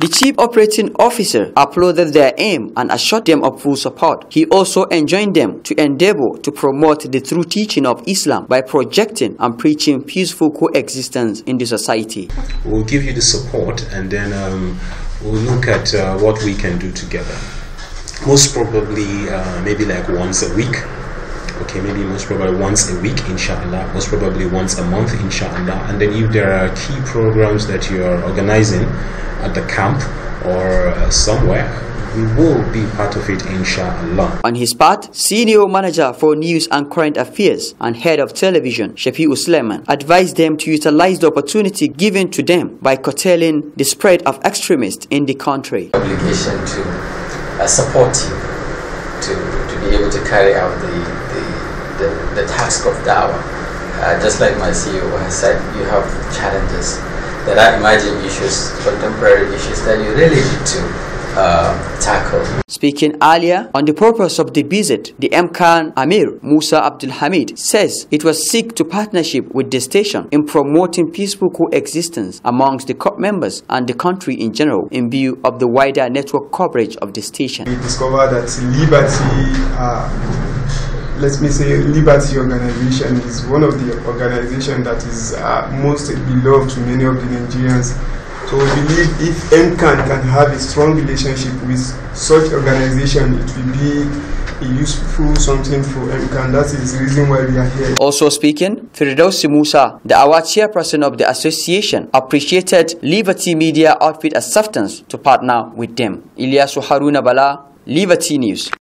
The chief operating officer applauded their aim and assured them of full support. He also enjoined them to endeavor to promote the true teaching of Islam by projecting and preaching peaceful coexistence in the society. We'll give you the support and then um, we'll look at uh, what we can do together. Most probably, uh, maybe like once a week, okay maybe most probably once a week inshallah most probably once a month inshallah and then if there are key programs that you are organizing at the camp or uh, somewhere we will be part of it inshallah. On his part, senior manager for news and current affairs and head of television, Shafiq Usleman, advised them to utilize the opportunity given to them by curtailing the spread of extremists in the country. Obligation to uh, support you to, to be able to carry out the, the the, the task of da'wah. Uh, just like my CEO has said, you have challenges that are emerging issues, contemporary issues that you really need to uh, tackle. Speaking earlier on the purpose of the visit, the MCAN Amir Musa Abdul Hamid says it was seek to partnership with the station in promoting peaceful coexistence amongst the COP members and the country in general in view of the wider network coverage of the station. We discovered that liberty uh, let me say, Liberty Organization is one of the organizations that is uh, most beloved to many of the Nigerians. So we believe if MCAN can have a strong relationship with such organization, it will be a useful something for MCAN. That is the reason why we are here. Also speaking, Firdausi Musa, the our chairperson of the association, appreciated Liberty Media Outfit acceptance to partner with them. Ilyasu Haruna Bala, Liberty News.